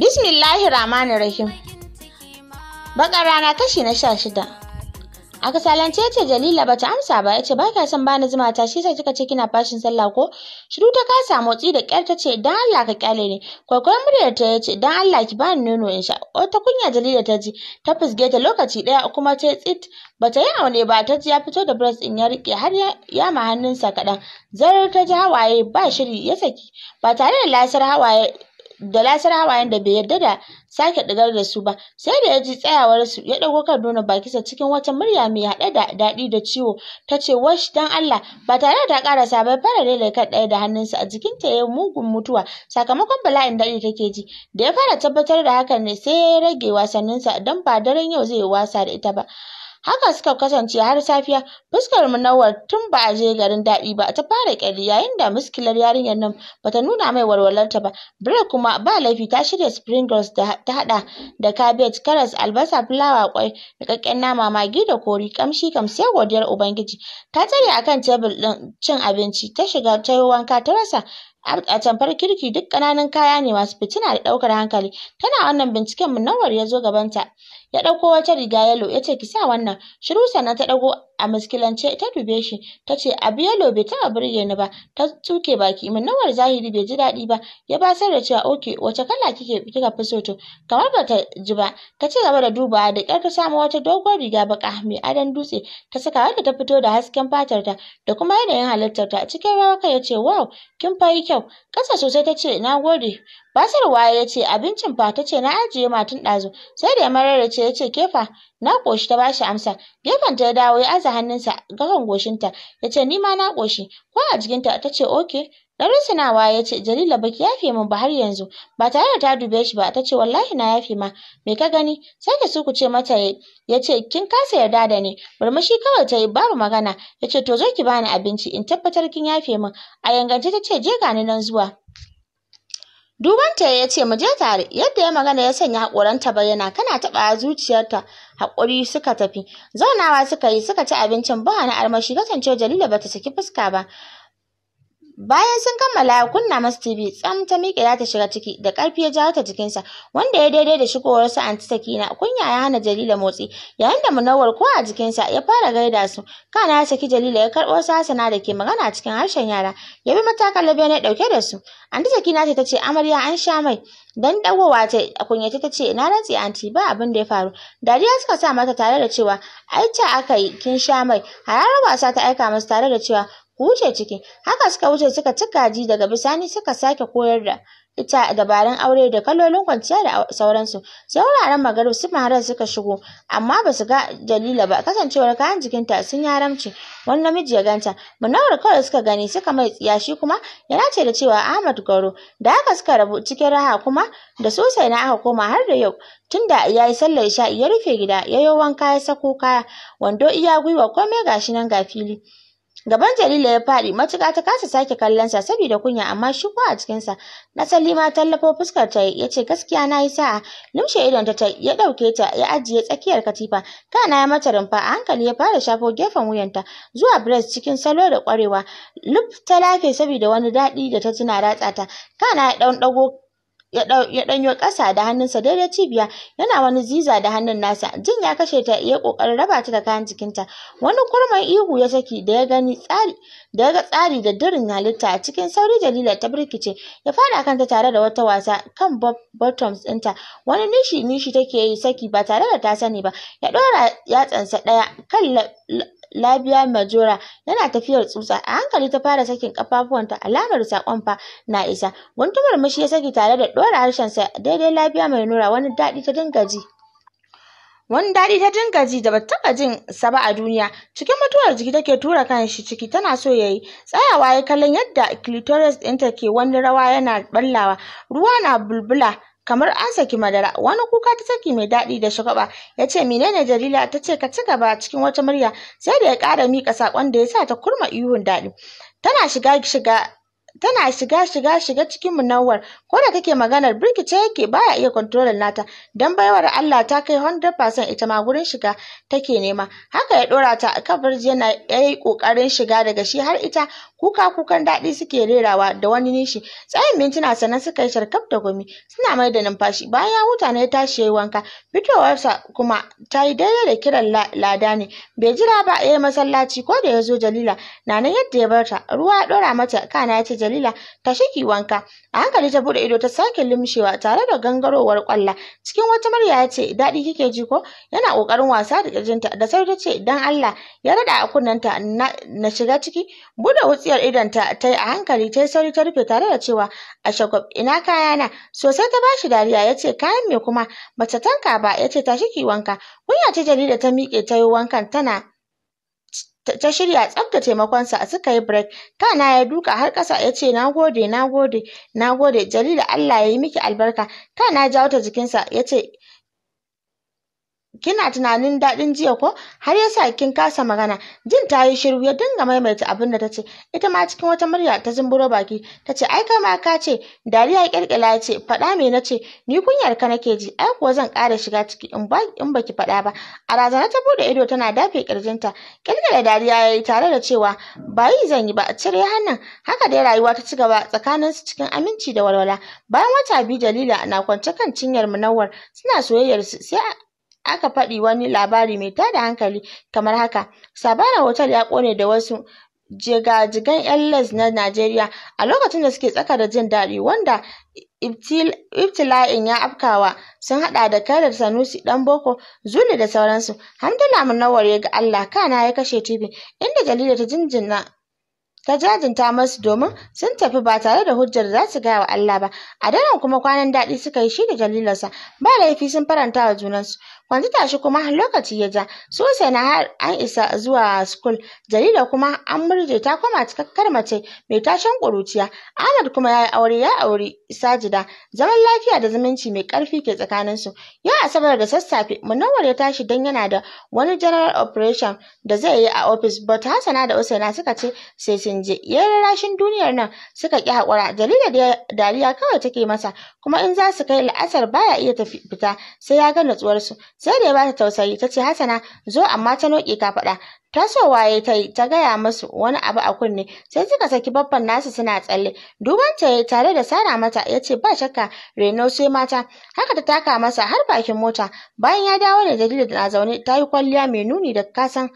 Bismillahi Rahmanir Rahim. Baka rana kashi na sha shida. A kasalance ce Jalila bata amsa ba yace ba kya son bani zuma ta shi sai kika ce kina fashin sallah ko? Shiru ta kasa motsi da kyar ce dan Allah ka kyale ni. Kwaikwayon muryar ta yace dan Allah ki bani nono in sha. Wata kunya Jalila ta ji ta fusge ta lokaci daya kuma ta tsit bata yi aune ba ta ji ya fito da breast din ya rike har ya ma hannunsa kaɗan. Zarar ta ji hawaye ba shiri ya saki ba tare da lasar hawaye da lasar hawayen da bai yarda da sake ɗigar da su ba sai da ya ji su ya ɗago kan nonon bakinsa cikin wata murya mai haɗe da daɗi da ciwo ta ce wash dan Allah ba tare da ta ƙara sabon fara da kan ɗaya da hannunsa a jikinta ya mugun mutuwa sakamakon bala'in daɗi take ji da ya fara tabbatar da hakan ne sai ya rage wasanninsa don ba daren yau zai wasa da ita ba Haka suka kasance har safiya, fuskar munawar tun ba a je garin daɗi ba ta fara ƙyalli yayin da muskilar yarinyar nan ba ta nuna mai walwalarta ba. Break kuma ba laifi ta shirya spring rolls ta haɗa da cabbage, karas, albasa, fulawa, kwai, ƙaƙƙen nama, maggi da kori, ƙamshi kam sai godiyar Ubangiji. Ta tsaya akan tebur ɗin cin abinci, ta shiga ta yi wanka ta rasa a tamfar kirki duk ƙananun kaya ne masu fitina da ɗaukar hankali tana wannan binciken munawwar ya zo gabanta ya ɗauko wata riga yalo ya ce ki sa wannan shiru sannan ta ɗago a muskilance ta dube shi ta ce abu yalo bai taɓa burge ni ba ta tuke baki nawar zahiri bai ji daɗi ba ya ba basar da cewa oke wace kala kike kika fi so to kamar ba ta ji ba ta ci gaba da dubawa da ƙyar ta samu wata dogon riga baka mai adon dutse ta saka da ta fito da hasken fatar ta da kuma yanayin halittar ta cikin rawaka kai ya ce wow kin fayi kyau ƙasa sosai ta ce na gode Basarwa waye ya ce abincin fa ta ce na ajiye matan ɗazu sai da ya mararce ya ce kefa na ƙoshi ta bashi amsa gefen ta ya dawo ya aza hannunsa gaban goshinta ya ce ni ma na ƙoshi ko a jikinta ta ce oke ɗarin sanawa ya ce Jalila baki yafe min ba har yanzu ba tare da ta dube shi ba ta ce wallahi na yafe ma me ka gani sai da su ce mata ya ce kin kasa yarda da ni murmushi kawai ta yi babu magana ya ce to zo ki bani abinci in tabbatar kin yafe min a yangance ta ce je gani nan zuwa dubanta ya ce mu je tare yadda ya magana ya sanya haƙoranta bayyana kana taɓa zuciyarta hakuri suka tafi zaunawa suka yi suka ci abincin ba na armashi kasance jalila bata saki fuska ba Bayan sun kammala ya kunna masu TV, tsam ta miƙe ta shiga ciki da ƙarfi ya jawo ta jikinsa, wanda ya daidai da shigowar su anti Sakina. Kunya ya hana Jalila motsi, yayin da Munawwar ko a jikinsa ya fara gaida su. Kana ya saki Jalila ya karɓo sasana da ke magana cikin harshen yara, ya bi matakan labe ne ɗauke da su. Anti Sakina ta ce amarya an sha mai. Dan dagowa ta a kunyace ta ce na rantsi anti ba abin da ya faru. Dariya suka sa mata tare da cewa ai aka yi kin sha mai. Hararar wasa ta aika masu tare da cewa Huce ciki haka suka wuce suka cika ji daga bisani suka sake koyar da ita dabarun aure da kalolin kwanciya da sauransu sai wuraren magaru su maharar suka shigo amma ba su ga jalila ba kasancewar kayan jikinta sun yaramci wani namiji ya ganta munawar kawai suka gani suka mai tsiya shi kuma Yana ce da cewa ahmad garo da haka suka rabu cikin raha kuma da sosai na aka koma har da yau tunda ya yi sallar isha ya rufe gida ya yi wanka ya sako kaya wando iya gwiwa komai gashi nan ga fili Gaban Jalila ya faɗi Matuka ta kasa sake kallon sa saboda kunya amma shi ko a sa na Salima tallafo fuskar ta ya ce gaskiya na yi sa'a lumshe ta ya ɗauke ta ya ajiye tsakiyar katifa kana ya mata rumfa a hankali ya fara shafo gefen wuyanta zuwa breast cikin salo da kwarewa lub ta lafe saboda wani daɗi da ta tuna ratsa ta kana ya ɗan dago ya ɗanyo ƙasa da hannunsa daidai cibiya yana wani ziza da hannun nasa jin ya kashe ta iya ƙoƙarin raba ta da kayan jikinta wani kurman ihu ya saki da ya gani tsari da ya ga tsari da dirin halitta a cikin sauri jalila ta birkice ya fada kanta tare da wata wasa kan bottoms ɗinta wani nishi nishi take yi saki ba tare da ta sani ba ya ɗora yatsansa ɗaya kan Labia Majora yana tafiyar tsutsa a hankali ta fara sakin kafafuwanta alamar sakon fa na isa guntumar mishi ya saki tare da dora harshen sa daidai Labia nura wani dadi ta dinga wani daɗi ta dinga ji da bata taba jin sa ba a duniya cikin mutuwar jiki take tura kan shi ciki tana so yayi tsayawa ya kallon yadda clitoris ɗinta ke wani rawa yana ballawa ruwa na bulbula kamar an saki madara wani kuka ta saki mai daɗi da shugaba ya ce menene jalila ta ce ka ci gaba cikin wata murya sai da ya ƙara miƙa saƙon da ya sa ta kurma ihun daɗi tana shiga shiga tana shiga shiga shiga cikin munawwar ko da kake maganar birkice yake baya iya kontrolin nata dan baiwar Allah ta kai 100% ita ma gurin shiga take nema haka ya dora ta kan birji yana yayi kokarin shiga daga shi har ita kuka kukan dadi suke rerawa da wani nishi tsayin mintuna sannan suka yi sharkaf da gumi suna mai da numfashi bayan ya huta ne ya tashi yayi wanka fitowarsa kuma ta yi daidai da kiran lada ne bai jira ba yayi masallaci ko da ya Jalila na nan yadda ya barta ruwa ya dora mata kana ya ce Jalila tashi ki wanka a hankali ta bude ido ta sake limshewa tare da gangarowar kwalla cikin wata murya ya ce daɗi kike ji ko yana kokarin wasa da kirjinta da sai ta ce dan Allah ya rada a kunnanta na shiga ciki bude wutsiyar idon ta yi a hankali ta yi sauri ta rufe tare da cewa a shakwab ina na?'. sosai ta bashi dariya ya ce kayan me kuma bata tanka ba ya ce tashi ki wanka kunya ta Jalila ta miƙe ta yi wankan tana ta shirya tsaf da taimakonsa a suka yi break kana ya duka har ƙasa ya ce na gode na gode na gode jalila allah ya yi miki albarka kana jawo ta jikinsa ya ce kina tunanin daɗin jiya ko har yasa kin kasa magana jin ta yi shiru ya dinga maimaita abin da ta ce ita ma cikin wata murya ta zumburo baki ta ce ai kama ka ce dariya kirkira ya ce faɗa me na ce ni kunyar ka nake ji ai kuwa zan ƙara shiga ciki in ba in baki faɗa ba a razana ta bude ido tana dafe kirjinta kirkira dariya ya yi tare da cewa ba yi zan yi ba cire hannun haka dai rayuwa ta ci gaba tsakaninsu cikin aminci da walwala bayan wata biyu dalila na kwance kan cinyar munawwar suna soyayyar su sai aka faɗi wani labari mai tada hankali kamar haka sabana hotel ya ƙone da wasu jigajigan 'yan les na najeriya a lokacin da suke tsaka da jin daɗi wanda ibtila'in ya afkawa sun haɗa da karar sanusi dan boko zuli da sauransu hamdala munawar ya ga allah kana ya kashe tv inda jalila ta jinjina ta jajinta masu domin sun tafi ba tare da hujjar za su gaya wa Allah ba a daren kuma kwanan daɗi suka yi shi da jalilarsa ba laifi sun faranta wa junansu wanzu tashi kuma lokaci ya ja, su na har an isa zuwa school, jarida kuma an murje ta koma cikakkar mace mai tashin ƙuruciya. Ahmad kuma ya yi aure ya auri sajida, zaman lafiya da zumunci mai ƙarfi ke tsakanin tsakaninsu. Yau Asabar da sassafe, munawar ya tashi dan yana da wani general operation da zai yi a office, but Hassana da Usaina suka ce sai sun je. yayin rashin duniyar nan suka ƙi haƙura, jarida da dariya kawai take masa, kuma in za su kai la'asar baya iya fita sai ya ga natsuwarsu. sai da ya bata tausayi ta ce hasana zo amma ta noke ka faɗa ta so waye ta yi ta gaya musu wani abu a kunne sai suka saki babban nasu suna tsalle duban ta tare da sara mata ya ce ba shakka reno sai mata haka ta taka masa har bakin mota bayan ya dawo ne dalilin na zaune ta yi kwalliya mai nuni da kasan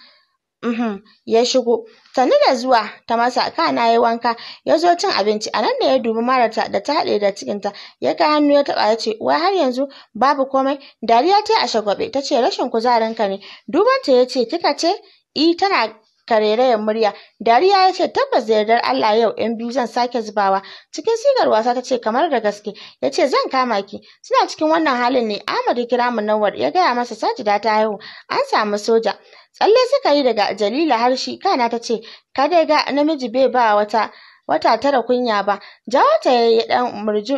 Uhm, ya shigo sannu da zuwa ta masa kana ya wanka ya zo cin abinci a nan da ya dubi marata da ta haɗe da cikinta ya kai hannu ya taɓa ya ce wai har yanzu babu komai dariya ta yi a shagwabe ta ce rashin kuzarinka ne Dubanta ya ce kika ce i eh, tana karerayar murya dariya ya ce tabbas da yardar Allah yau yan biyu zan sake zubawa cikin sigar wasa ta ce kamar da gaske ya ce zan kama ki suna cikin wannan halin ne Amadu, kiramun Nawar ya gaya masa da ta haihu an samu soja tsalle suka yi daga Jalila har shi kana ta ce ka dai ga namiji bai ba wata wata tara kunya ba jawata ta ya dan murju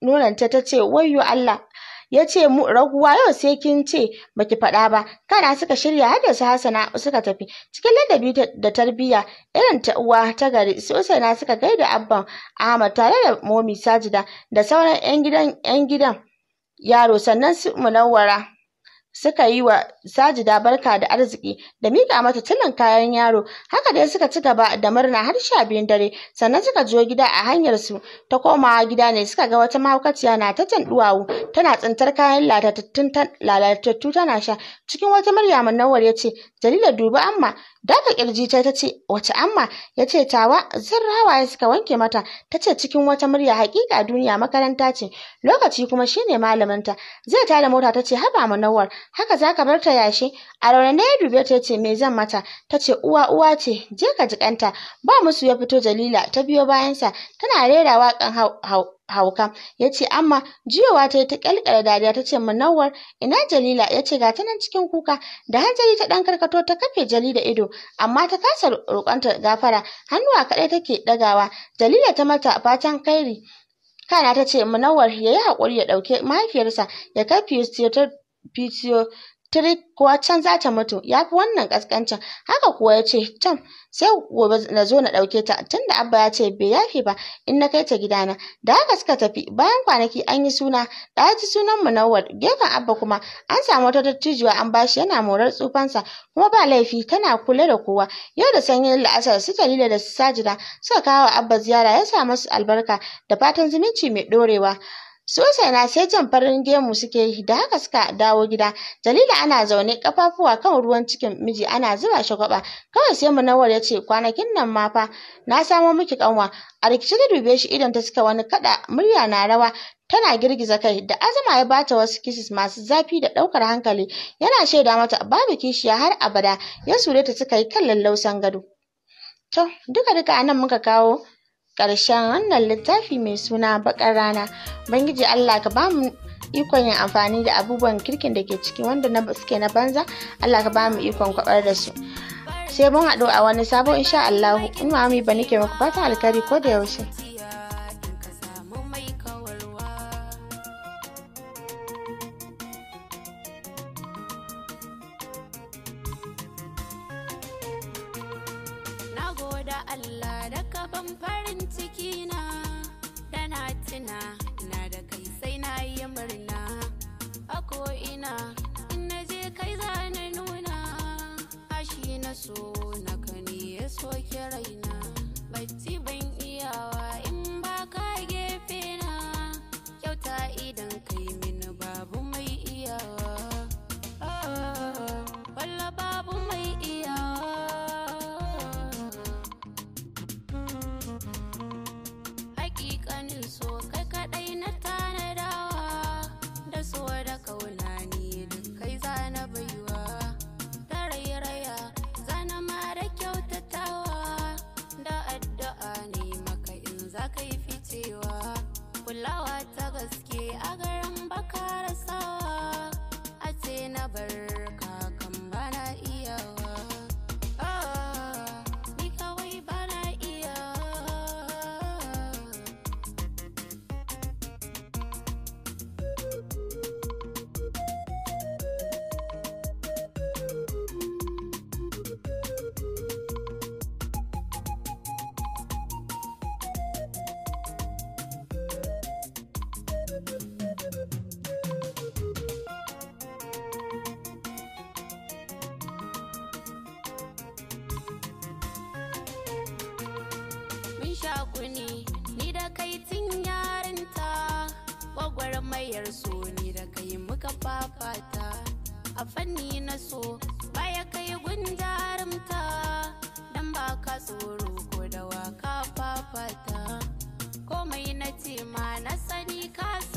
nonanta ta ce wayyo Allah ya ce mu raguwa yau sai kin ce baki faɗa ba kana suka shirya har da su hasana suka tafi cikin ladabi da tarbiyya irin ta uwa ta gari su usaina suka gaida abban ahmad tare da momi sajida da sauran yan gidan yan gidan yaro sannan su munawwara suka yi wa sajida barka da arziki da miƙa mata tulin kayan yaro haka dai suka ci gaba da murna har sha biyun dare sannan suka jo gida a hanyar su ta komawa gida ne suka ga wata mahaukaciya na ta duwawu tana tsintar kayan lalatattun lalatattu tana sha cikin wata murya munawwar ya ce jalila dubi amma Daga kirji ta ce wace amma Ya ce tawa zirrawa ya suka wanke mata Ta ce cikin wata murya hakika duniya makaranta ce lokaci kuma shine malaminta zai tada mota ta tace haba munawwar haka zaka bar ta yashe a raune ya dube ta ce me zan mata Ta ce uwa uwa ce je ka jikanta ba musu ya fito Jalila ta biyo bayansa tana rera waƙan hau hauka ya ce amma jiyowa ta yi ta kyalkyala dariya ta ce munawwar ina jalila ya ce gata nan cikin kuka da hanzari ta dan karkato ta kafe jali da ido amma ta kasa roƙonta gafara hannuwa kaɗai take ɗagawa jalila ta mata fatan kairi kana ta ce munawwar ya yi haƙuri ya ɗauke mahaifiyarsa ya kai fisiyotar tirik kuwa can za ta mutu ya fi wannan ƙasƙancin haka kuwa ya ce can sai gobe na zo na ɗauke ta tunda abba ya ce bai yafe ba in na kai ta gidana da haka suka tafi bayan kwanaki an yi suna da ji sunan munawwar gefen abba kuma an samu wata dattijuwa an bashi yana morar tsufansa kuma ba laifi tana kula da kowa yau da sanyin la'asar su jalila da su sajida suka kawo abba ziyara ya sa masu albarka da fatan zumunci mai ɗorewa Sosai na sai jan farin gemu suke yi da haka suka dawo gida jalila ana zaune kafafuwa kan ruwan cikin miji ana zuba shi kwaba kawai sai munawar ya ce kwanakin nan ma fa na samo miki kanwa a rikice ta dube shi idan ta suka wani kada murya na rawa tana girgiza kai da azama ya bata wasu kisis masu zafi da daukar hankali yana shaida mata babu kishiya har abada ya sure ta suka yi kan lallausan gado to duka duka anan muka kawo ƙarshen wannan littafi mai suna baƙar rana bangiji allah ka bamu ikon yin amfani da abubuwan kirkin da ke ciki wanda na suke na banza allah ka bamu ikon kwabar da su sai mun haɗu a wani sabo insha allahu in ma ba nake muku fata alkari ko da yaushe Allah da sabon farin ciki na tana na tuna na da kai sai na yi murna a ina in na je kai za na nuna ashi na so na kani ya soke raina shakuni ni da kai tun yarinta gwagwarmayar so ni da kai muka fafata a fanni na so baya kai gunjarumta dan ba ka tsoro ko da waka fafata komai na ce ma na sani ka